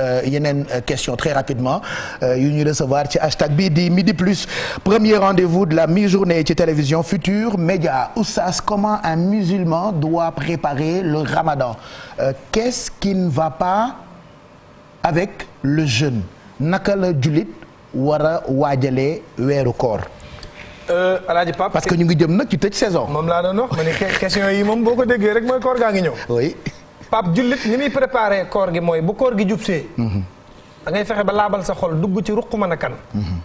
Euh, yeneen euh, question très rapidement euh, yu ñu recevoir ci hashtag bi di midi plus premier rendez-vous de la mi-journée ci télévision Futur Média Oustaz comment un musulman doit préparer le ramadan qu'est-ce qui ne va pas avec le jeûne naka la jullit war a waajalee weeru koor Alaaji Pape parce que ñu ngi jëm nag ci tëj saison moom laa doon wax ma ne question yi moom boo ko rek mooy koor gaa ngi ñëw Pape jullit ni muy préparé koor gi mooy bu koor gi jubsee mhm. da ngay fexe ba laabal sa xol dugg ci ruq man a kan mhm.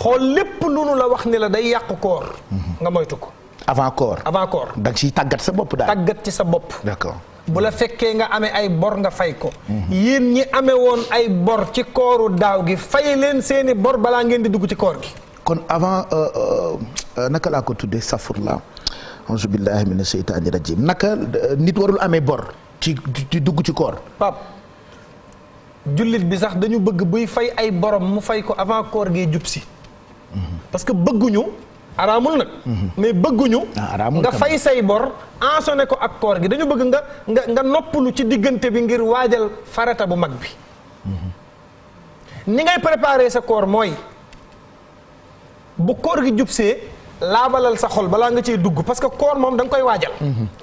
xool lépp lu nu la wax ni la day yàqu koor mhm. nga moytu ko avant koor avant koor da nga ciy tàggat sa bopp daal tàggat ci sa bopp d'accord bu la fekkee nga ame ay bor nga fay ko yéen ñi amee woon ay bor ci kooru daaw gi fay leen seeni bor balaa ngeen di dugg ci koor gi kon avant euh, euh, euh, naka laa ko tudde safur la auzu billahi mina seytaani rajim naka euh, nit warul amee bor ci dugg ci koor pap jullit bi sax dañu bëgg buy fay ay borom mu fay ko avant koor gi jub si parce que bëgguñu araamul nag mais bëgguñu ah, nga fay say bor ensonné ko ak koor gi dañu bëgg nga nga nga noppalu ci diggante bi ngir waajal farata bu mag bi ni ngay préparer sa koor mooy bu koor gi jubsee laabalal sa xol balaa nga cee dugg parce que koor moom danga koy waajal.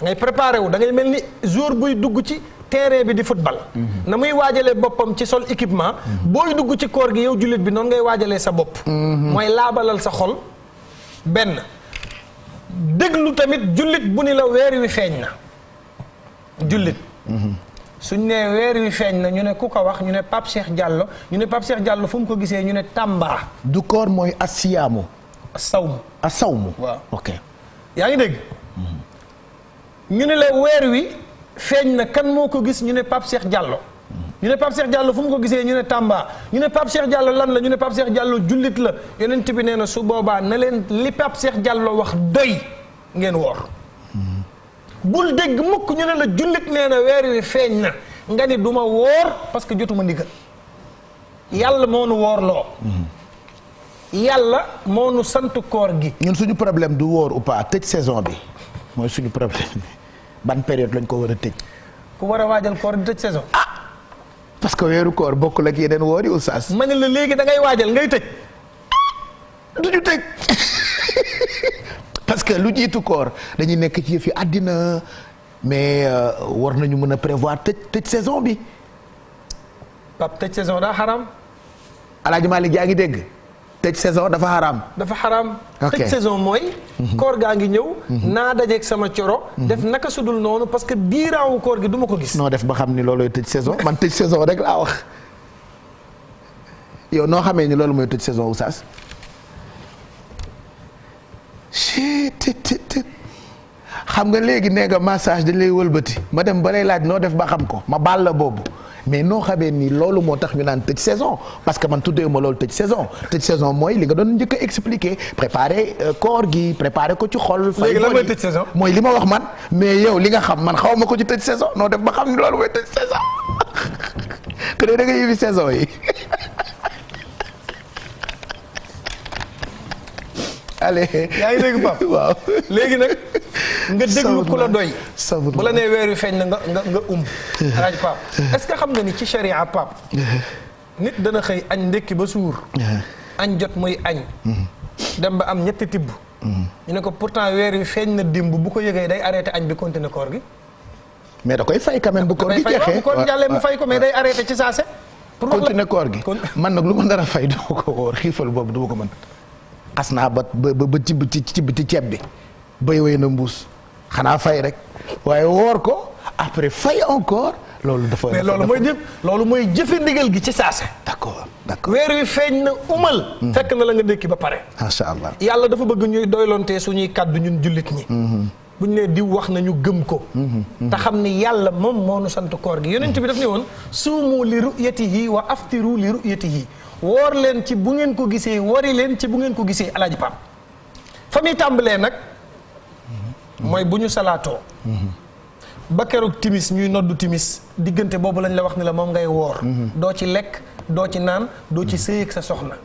ngay préparé wu da ngay mel ni jour buy dugg ci terrain bi di football. na muy waajalee boppam ci sol équipement. booy dugg ci koor gi yow jullit bi noonu ngay waajalee sa bopp. mooy laabalal sa xol benn. déglu tamit jullit bu ni la weer wi feeñ na jullit. suñ nee weer wi feeñ na ñu ne ku ko wax ñu ne Pape Cheikh Diallo ñu ne Pape Cheikh Diallo fu mu ko gisee ñu ne Tamba. du koor mooy asiyaamu. saw saw asawm waaw ok yaa ngi dégg mhm. ñu ne la weer wi feeñ na kan moo ko gis ñu ne Pape seex jàlloo mhm. ñu ne Pape seex Diallo fu mu ko gisee ñu ne Tamba ñu ne Pape Cheikh Diallo lan la ñu ne Pape Cheikh Diallo jullit la yonent bi nee na su boobaa na leen li Pape Cheikh Diallo wax doy ngeen woor mhm. bul dégg mukk ñu ne la jullit nee na weer wi feeñ na nga ni du ma woor parce que jotuma ndigal yàlla moo nu woor loo yàlla moo nu sant koor gi. ñun suñu problème du woor ou pa tëj saison bi mooy suñu problème bi ban période lañ ko war a tëj. ku war a waajal koor di tëj saison. ah parce que weeru koor bokkul ak yeneen woor yi oustaz. ma ne la léegi da ngay waajal ngay tëj. du ñu tëj parce que lu jiitu koor dañuy nekk ci yëf yi àddina mais euh, wor nañu mën a prévoir tëj tëj saison bi. pap tëj saison daa xaram. El Hadj yaa ngi dégg. tëj saison dafa xaraam. dafa xaraam. tëj saison mooy. Mhm. koor gaa ngi ñëw. Mhm. naa dajeeg sama coro. Mhm. def naka sudul noonu parce que biiraawu koor gi duma ko gis. noo def ba xam ni loolooy tëj saison man tëj saison rek laa yow noo xamee ni loolu mooy tëj saison saas xam nga léegi nee nga massage dañ lay wëlbati ma dem ba lay laaj noo def ba xam ko ma baal la boobu. mais noo xamee ni loolu moo tax ñu naan tëj saison parce que man tuddee ma loolu tëj saison tëj saison mooy li nga doon njëkk a expliquer préparer koor euh, gi préparer ko ci xol. fay léegi mooy saison mooy li ma wax man mais yow li nga xam man xaw ma ko ci tëj saison noo def ba xam ni loolu mooy tëj saison te de da nga yëngu saison yi. léegi nga déglu ku la doy. bu la nee weer wi feeñ na nga nga nga um. alaaj est-ce que xam nga ni ci sharia pap nit dana xëy añ ndékki ba suur. añ jot muy añ. dem ba am ñetti tibb. ñu ne ko pourtant weer wi feeñ na dimb bu ko yëgee day arrêté añ bi continuer koor gi. mais da koy fay quand même bu bu koor jàllee mu fay ko mais day arrêté ci saase. pour continuer koor gi man nag lu ma dara a fay duma ko wóor xiifal boobu duma ko man xas naa ba ba ba ci ci ceeb bi. bay way na mbuus xanaa fay rek waaye woor ko après fay encore loolu dafa mais loolu mooy jëf loolu mooy jëfe ndigal gi ci saase d'accord d'accord weer wi feeñ na umal hmm. fekk na la nga ndékki ba pare macha allah yàlla dafa bëgg ñuy doylonte suñuy kàddu ñun jullit ñi bu ñu leen diw wax nañu gëm ko hmm. Hmm. te xam ni yàlla moom moo nu sant koor gi yonent bi daf ne woon suumu li ru'yatihi wa aftiru li yi woor leen ci bu ngeen ko gisee wari leen ci bu ngeen ko gisee alaaji Paam fa muy tàmbalee nag mooy bu ñu salaatoo mhm. ba keroog timis ñuy noddu timis diggante boobu lañ la wax ni la moom ngay woor mhm. doo ci lekk doo ci naan doo ci mhm. sëyeeg sa soxna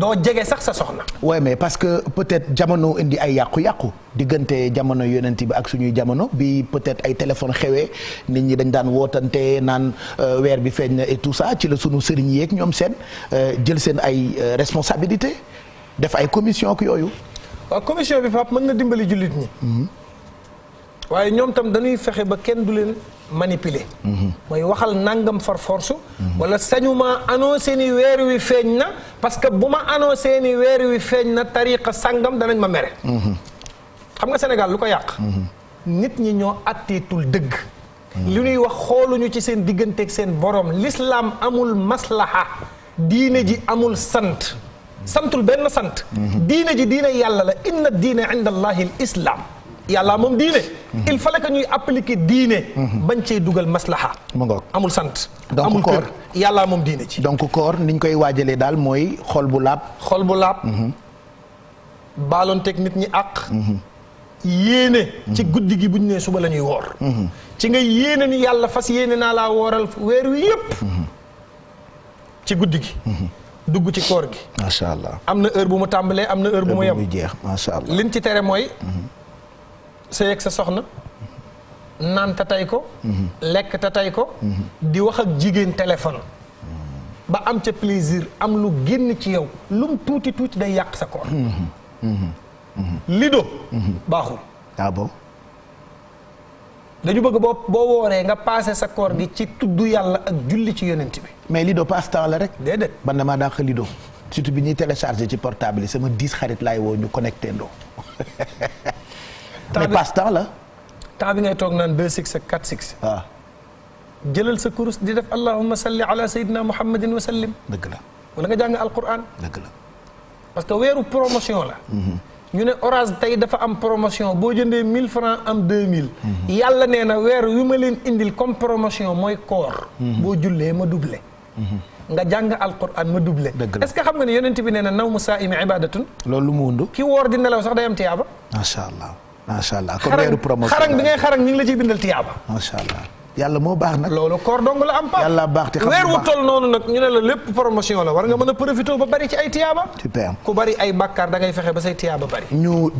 doo jege sax sa soxna. waaye mais parce que peut-être jamono indi ay yàqu-yàqu diggante jamono yonent bi ak suñuy jamono bi peut-être ay téléphone xewee nit ñi dañ daan wootante naan euh, weer bi feeñ na et tout ça ci la suñu sëriñ yeeg ñoom seen euh, jël seen ay euh, responsabilité def ay commission ak yooyu. waaw commission bi Pape mën na dimbali jullit ñi. Mhm. waaye ñoom tam dañuy fexe ba kenn du leen manipuler. Mhm. mooy waxal nangam far force. Mhm. wala sañuma annoncé seeni weer wi feeñ na parce que bu ma annoncé seeni weer wi feeñ na tariqa sangam danañ ma mere. xam nga Sénégal lu ko yàq. nit ñi ñoo atteetul dëgg. li ñuy wax xooluñu ci seen digganteeg seen borom lislaam amul maslaha diine ji amul sant. santul benn sant diine ji diine yàlla la inna diine inda allahi l islam yàlla moom diine il fallait que ñuy appliquer diine bañ cee dugal maslaha mu amul sant amul koor yàlla moom diine ci donc koor niñ koy waajalee daal mooy xol bu laab xol bu laab mhm. baaloonteeg nit ñi àq mhm. yéene mhm. ci guddi gi bu ñu nee suba la ñuy woor ci nga yéene yàlla fas yéene naa laa wooral weer wi yépp ci guddi gi dugg ci koor gi. macha allah am na heure bu mu tàmbalee am na heure bu mu yem. jeex macha allah liñ ci tere mooy. sa yëg sa soxna. naan tey ko. lekk te tay ko. di wax ak jigéen téléphone. ba am ca plaisir am lu génn ci yow lum tuuti tuuti day yàq sa koor. Mhm. Mhm. Mhm. lido. baaxul. Ah dañu bëgg boo boo wooree nga passé sa koor gi ci tudd yàlla ak julli ci yonent bi. mais lido passe temps la rek. déedéet man damaa dàq lido. surtout bi ñuy téléchargé ci portable yi sama 10 xarit laay woo ñu connecté ndoo. mais passe temps la. temps bi ngay toog naan 2 6 ak 4 6. waaw. jëlal sa kurus di def allahumma salli ala sayyidina muhammadin wa sallim. dëgg la wala nga jàng alquran. dëgg la parce que weeru promotion la. Mm-hmm. ñu ne orange tey dafa am promotion boo jëndee mille francs am mille mhm. yàlla nee na weer wi ma leen indil comme promotion mooy koor. Mhm. boo jullee ma doublé. Mhm. nga jàng alquran ma doublé. est ce que xam nga ne yonent bi nee na nawmu saa'imi ibadatun. loolu lu mu wundu. ki woor di nelaw sax day am tiyaaba. macha allah macha allah. comme weeru promotion xarañ bi ngay xarañ ñu ngi la ciy bindal tiyaaba. macha allah. yàlla moo baax nag. loolu koor dong la am pa yàlla baax te xam weer wu noonu nag ñu ne la lépp promotion la war nga mën a profité ba bari ci ay tiyaaba. ku bari ay bàkkaar da fexe ba say tiyaaba bari.